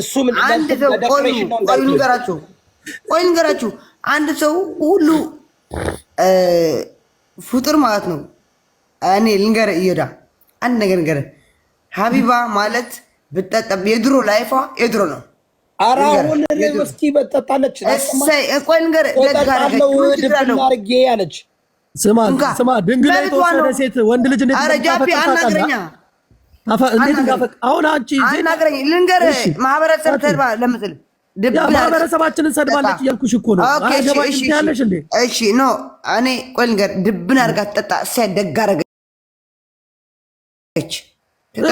እሱ አንድ ሰው ቆይ ንገራችሁ ቆይ ንገራችሁ አንድ ሰው ሁሉ ፍጡር ማለት ነው። እኔ ልንገርህ እየዳ አንድ ነገር ንገርህ፣ ሀቢባ ማለት ብጠጠብ የድሮ ላይፏ የድሮ ነው። ስማ ስማ፣ ድንግል ሴት ወንድ ልጅ እንዴት አናግረኛ አሁን አንቺ አናግረኝ ልንገርህ፣ ማህበረሰብ ሰድባ ለምትል ማህበረሰባችንን ሰድባለች እያልኩሽ እኮ ነው። ያለሽ እንዴ? እሺ ኖ እኔ ቆይ ልንገርህ፣ ድብን አድርጋ ትጠጣ ሲያ ደግ አደረገች።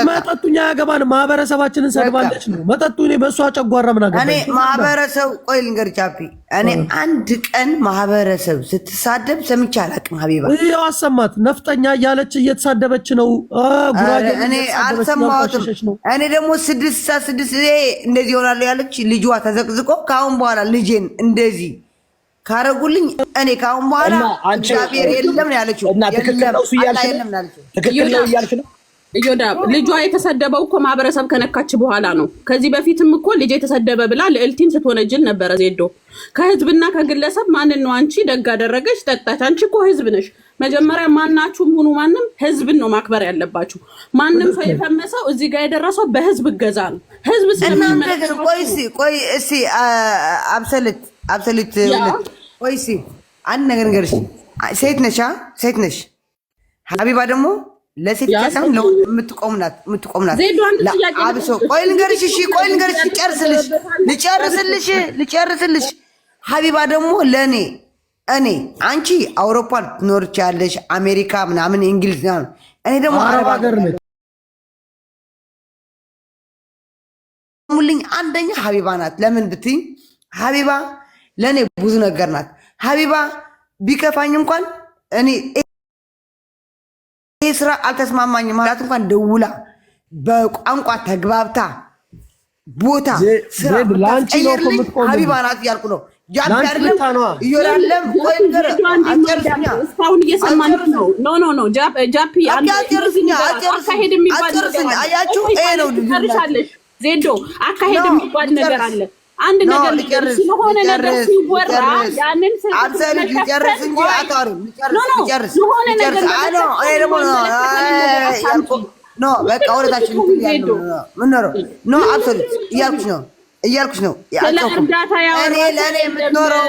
መጠጡኛ ያገባን ማህበረሰባችንን ሰድባለች ነው መጠጡ። እኔ በእሷ ጨጓራ ምን አገባኝ? እኔ ማህበረሰብ ቆይ ልንገር ቻፒ፣ እኔ አንድ ቀን ማህበረሰብ ስትሳደብ ሰምቼ አላውቅም። ሀቢባ ይኸው አሰማት ነፍጠኛ እያለች እየተሳደበች ነው። እኔ አልሰማሁትም። እኔ ደግሞ ስድስት ሳ ስድስት እንደዚህ ይሆናሉ ያለች ልጅዋ ተዘቅዝቆ ከአሁን በኋላ ልጄን እንደዚህ ካረጉልኝ እኔ ከአሁን በኋላ እግዚአብሔር የለም ነው ያለችው። ትክክል ነው እያልሽ ነው እዮዳ ልጇ የተሰደበው እኮ ማህበረሰብ ከነካች በኋላ ነው። ከዚህ በፊትም እኮ ልጅ የተሰደበ ብላ ልዕልቲን ስትወነጅል ነበረ። ዜዶ ከህዝብና ከግለሰብ ማንን ነው አንቺ ደግ አደረገች ጠጣች? አንቺ እኮ ህዝብ ነሽ። መጀመሪያ ማናችሁም ሁኑ ማንም ህዝብን ነው ማክበር ያለባችሁ። ማንም ሰው የፈመሰው እዚህ ጋር የደረሰው በህዝብ እገዛ ነው። ህዝብ ስለሚመቆይ ቆይ እስኪ አብሰልት አብሰልት ቆይ እስኪ አንድ ነገር ንገርሽ። ሴት ነሻ ሴት ነሽ ሀቢባ ደግሞ ለሴት ሳይሆን የምትቆም ናት። አብሶ ቆይ ልንገርሽ፣ እሺ ቆይ ልንገርሽ፣ ልጨርስልሽ ልጨርስልሽ ልጨርስልሽ። ሀቢባ ደግሞ ለእኔ እኔ አንቺ አውሮፓ ትኖርች ያለሽ አሜሪካ ምናምን እንግሊዝ ና እኔ ደግሞ አረብ ሀገር ሙልኝ። አንደኛ ሀቢባ ናት። ለምን ብትይ ሀቢባ ለእኔ ብዙ ነገር ናት። ሀቢባ ቢከፋኝ እንኳን እኔ ይህ ስራ አልተስማማኝም ማለት እንኳን ደውላ በቋንቋ ተግባብታ ቦታ ሀቢባ ናት እያልኩ ነው። ጃዳርለም ነው። ኖ አካሄድ የሚባል ነገር አለ። አንድ ነገር ሊጨርስ ስለሆነ ነገር ሲወራ ያንን አብዛኛው ሊጨርስ እንጂ አታወሪም። ሊጨርስ የሆነ ነገር አይ ነው አይ ደግሞ ነው ኖ በቃ ወለታችን ያለው ምን ነው ኖ አብሶሉት እያልኩሽ ነው እያልኩሽ ነው ያልኩሽ እኔ ለእኔ የምትኖረው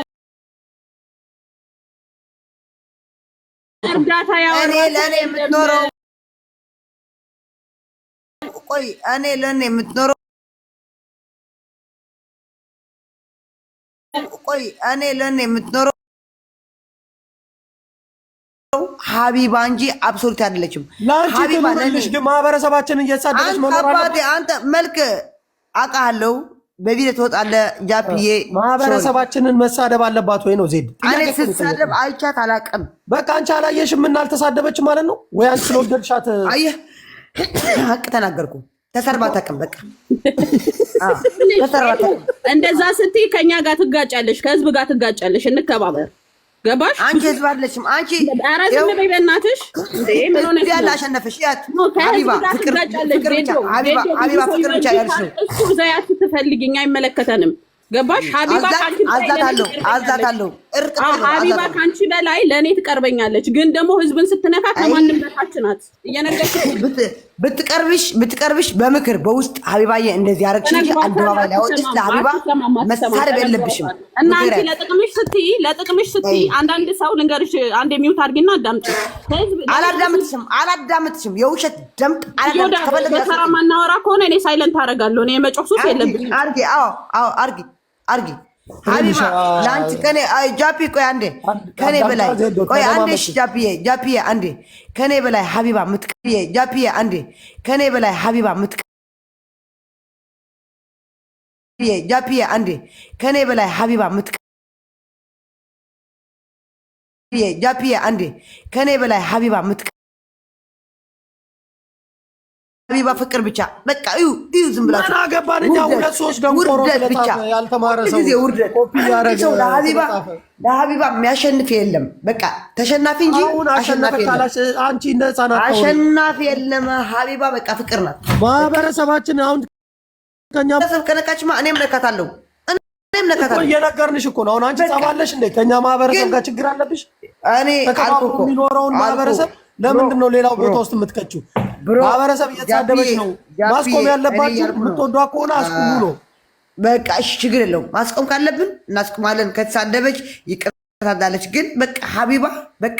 እርዳታ ያወራ እኔ ለእኔ የምትኖረው ቆይ እኔ ለእኔ የምትኖረው ቆይ እኔ ለእኔ የምትኖረው ሀቢባ እንጂ አብሶሉት አይደለችም። ማህበረሰባችን እየተሳደበች አባቴ አንተ መልክ አውቃለሁ። በቪዲዮ ትወጣለህ። ጃፕዬ ማህበረሰባችንን መሳደብ አለባት ወይ ነው ዜድ? እኔ ስትሳደብ አይቻት አላውቅም። በቃ አንቺ አላየሽም እና አልተሳደበችም ማለት ነው ወይ? አንቺ ስለወደድሻት ሀቅ ተናገርኩ። ተሰርባ ታውቅም። በቃ እንደዛ ስትይ ከኛ ጋር ትጋጫለሽ፣ ከህዝብ ጋር ትጋጫለሽ። እንከባበር። ገባሽ? አንቺ ህዝብ አለሽም። አንቺ ኧረ ዝም በይ በእናትሽ። ያለ አሸነፈሽ። ያት ሀቢባ ፍቅር ብቻ ያልሽ ነው እሱ። እዛ ትፈልጊ፣ እኛ አይመለከተንም። ገባሽ? ሀቢባ ሀቢባ ከአንቺ በላይ ለእኔ ትቀርበኛለች። ግን ደግሞ ህዝብን ስትነካ ከማንም በታች ናት። እየነገርኩሽ ብትቀርብሽ ብትቀርብሽ በምክር በውስጥ ሀቢባዬ እንደዚህ ያረግሽ እንጂ አደባባይ ላይ አወጪሽ ለሀቢባ መሳደብ የለብሽም። እና አንቺ ለጥቅምሽ ስትይ ለጥቅምሽ ስትይ አንዳንድ ሰው ልንገርሽ፣ አንድ የሚውት አድርጊና አዳምጪ። አላዳምጥሽም አላዳምጥሽም። የውሸት ደምጥ አላዳምጥሽ። በተራ ማናወራ ከሆነ እኔ ሳይለንት አደርጋለሁ። እኔ የመጮህ ሱስ የለብሽም። አድርጊ አዎ አዎ አድርጊ አድርጊ ሀቢባ ለአንቺ ከኔ ጃፒ ቆይ አንዴ ከኔ በላይ ቆይ አንዴ እሺ ጃፒዬ ጃፒዬ አንዴ ከኔ በላይ ሀቢባ ምትቀብዬ ጃፒዬ አንዴ ከኔ በላይ ሀቢባ ምትቀብዬ ጃፒዬ አንዴ ከኔ በላይ ሀቢባ ምትቀብዬ ጃፒዬ አንዴ ከኔ በላይ ሀቢባ ምትቀ ሀቢባ ፍቅር ብቻ በቃ እዩ እዩ። ዝም ብላችሁ እኛ ሁለት ሶስት ደንቆሮ ብቻ ያልተማረ ሰው ውርደት። ለሀቢባ የሚያሸንፍ የለም። በቃ ተሸናፊ እንጂ አሸናፊ የለም። ሀቢባ በቃ ፍቅር ናት። ማህበረሰባችን አሁን ከኛ ከነካችማ እኔም ነካታለሁ፣ እኔም ነካታለሁ። እየነገርንሽ እኮ ነው። አሁን አንቺ ጸባለሽ እንዴ? ማህበረሰብ ጋር ችግር አለብሽ። እኔ የሚኖረውን ማህበረሰብ ለምንድን ነው ሌላው ቦታ ውስጥ የምትከችው? ማህበረሰብ እየተሳደበች ነው። ማስቆም ያለባችሁ ምትወዷ ከሆነ አስቁሙ ነው በቃ። እሺ ችግር የለውም ማስቆም ካለብን እናስቆማለን። ከተሳደበች ይቀታለች። ግን በቃ ሀቢባ በቃ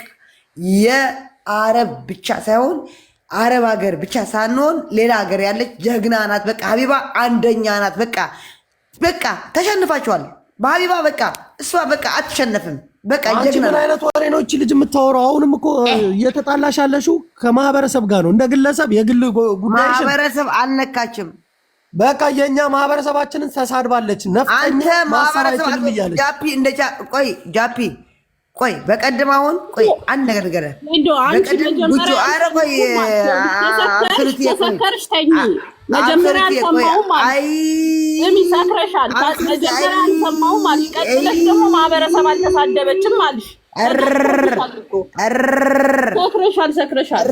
የአረብ ብቻ ሳይሆን አረብ ሀገር ብቻ ሳንሆን ሌላ ሀገር ያለች ጀግና ናት። በቃ ሀቢባ አንደኛ ናት። በቃ በቃ ተሸንፋችኋል በሀቢባ በቃ እሷ በቃ አትሸነፍም። በቃ ምን አይነት ወሬ ነው እቺ ልጅ የምታወራው? አሁንም እኮ እየተጣላሽ ያለሽው ከማህበረሰብ ጋር ነው። እንደ ግለሰብ የግል ጉዳይ ማህበረሰብ አልነካችም። በቃ የኛ ማህበረሰባችንን ተሳድባለች። ነፍጠኛ ማህበረሰብ ጃፒ እንደ ቆይ ጃፒ ቆይ በቀደም አሁን ቆይ አንድ ነገር ነገር እንደው ቆይ ስሚ ሰክረሻል። መጀመሪያ አልሰማሁም አልሽ፣ ቀጥለሽ ደግሞ ማህበረሰብ አልተሳደበችም አልሽ። ሰክረሻል፣ ሰክረሻል።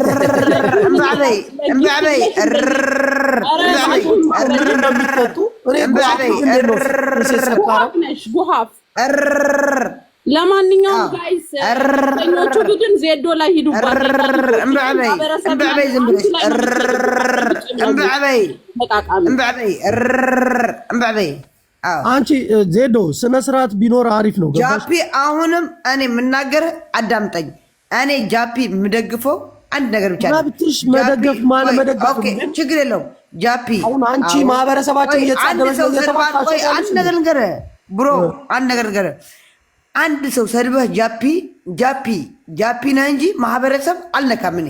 ጉሀፍ ለማንኛውም ጋይስ ኞቹ ቡድን ዜዶ ላይ ሂዱባት። በበይ አንቺ ዜዶ ስነ ስርዓት ቢኖር አሪፍ ነው። ጃፒ አሁንም እኔ የምናገር አዳምጠኝ። እኔ ጃፒ የምደግፈው አንድ ነገር ብቻ መብትሽ መደገፍ ማለ መደገፍ ችግር የለው። ጃፒ አሁን አንቺ ማህበረሰባችን እየተሳደበች አንድ ነገር ንገረህ ብሮ አንድ ነገር ንገረህ አንድ ሰው ሰድበህ ጃፒ ጃፒ ጃፒ ነህ እንጂ ማህበረሰብ አልነካም እኔ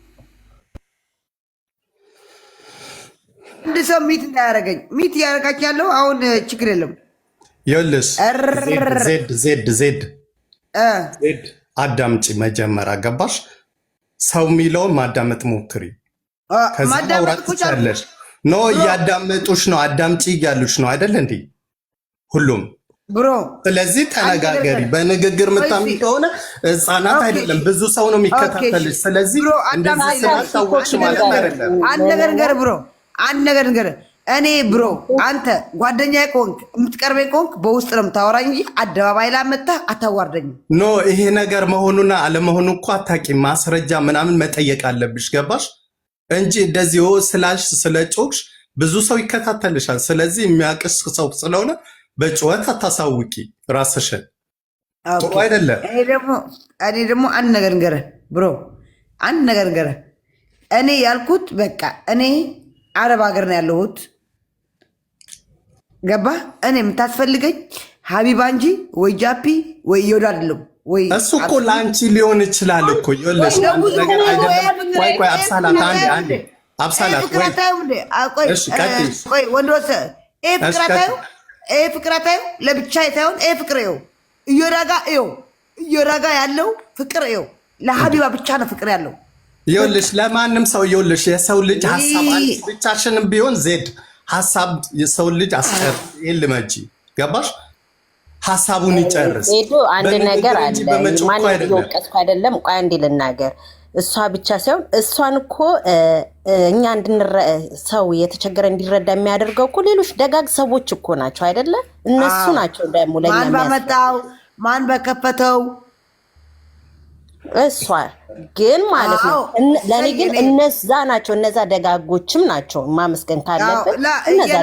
አንድ ሰው ሚት እንዳያደርገኝ ሚት እያደረጋች ያለው አሁን ችግር የለም። ይኸውልሽ ዜድ ዜድ ዜድ ዜድ አዳምጪ መጀመሪያ ገባሽ? ሰው የሚለውን ማዳመጥ ሞክሪ። ከዛ ኖ እያዳመጡሽ ነው። አዳምጪ እያሉሽ ነው አይደል? እንዲ ሁሉም ብሮ። ስለዚህ ተነጋገሪ። በንግግር ምታሚ ከሆነ ህፃናት አይደለም ብዙ ሰው ነው የሚከታተልሽ። ስለዚህ እንደዚህ ስላታወቅሽ ማለት አይደለም። አንድ ነገር ብሮ አንድ ነገር ንገር። እኔ ብሮ አንተ ጓደኛ ቆንክ የምትቀርበ ቆንክ በውስጥ ነው የምታወራኝ እንጂ አደባባይ ላይ መጥተህ አታዋርደኝም። ኖ ይሄ ነገር መሆኑና አለመሆኑ እኮ አታቂ ማስረጃ ምናምን መጠየቅ አለብሽ ገባሽ? እንጂ እንደዚህ ስላልሽ ስለጮክሽ ብዙ ሰው ይከታተልሻል። ስለዚህ የሚያቅስ ሰው ስለሆነ በጩኸት አታሳውቂ ራስሽን። ጥሩ አይደለም። እኔ ደግሞ አንድ ነገር ንገረ ብሮ፣ አንድ ነገር ንገረ እኔ ያልኩት በቃ እኔ አረብ ሀገር ነው ያለሁት። ገባ እኔ የምታስፈልገኝ ሀቢባ እንጂ ወይ ጃፒ ወይ እየወዱ አይደለም። እሱ እኮ ለአንቺ ሊሆን ይችላል እኮ ይኸውልሽ፣ ነገር ፍቅራታዩ ለብቻ የታየውን ይሄ ፍቅር ው እየወዳጋ ይኸው እየወዳጋ ያለው ፍቅር ው ለሀቢባ ብቻ ነው ፍቅር ያለው ይኸውልሽ ለማንም ሰው ይኸውልሽ የሰው ልጅ ሀሳብ ብቻችንም ቢሆን ዜድ ሀሳብ የሰው ልጅ አስቀር ይልመጂ ገባሽ? ሀሳቡን ይጨርስ። ሄዶ አንድ ነገር አለ። ማንም እየወቀስኩ አይደለም። ቆይ አንዴ ልናገር። እሷ ብቻ ሳይሆን እሷን እኮ እኛ እንድንረ ሰው የተቸገረ እንዲረዳ የሚያደርገው እኮ ሌሎች ደጋግ ሰዎች እኮ ናቸው አይደለ? እነሱ ናቸው ደግሞ ለማን በመጣው ማን በከፈተው እሷ ግን ማለት ነው። ለእኔ ግን እነዛ ናቸው፣ እነዛ ደጋጎችም ናቸው ማመስገን ካለበት እነዛ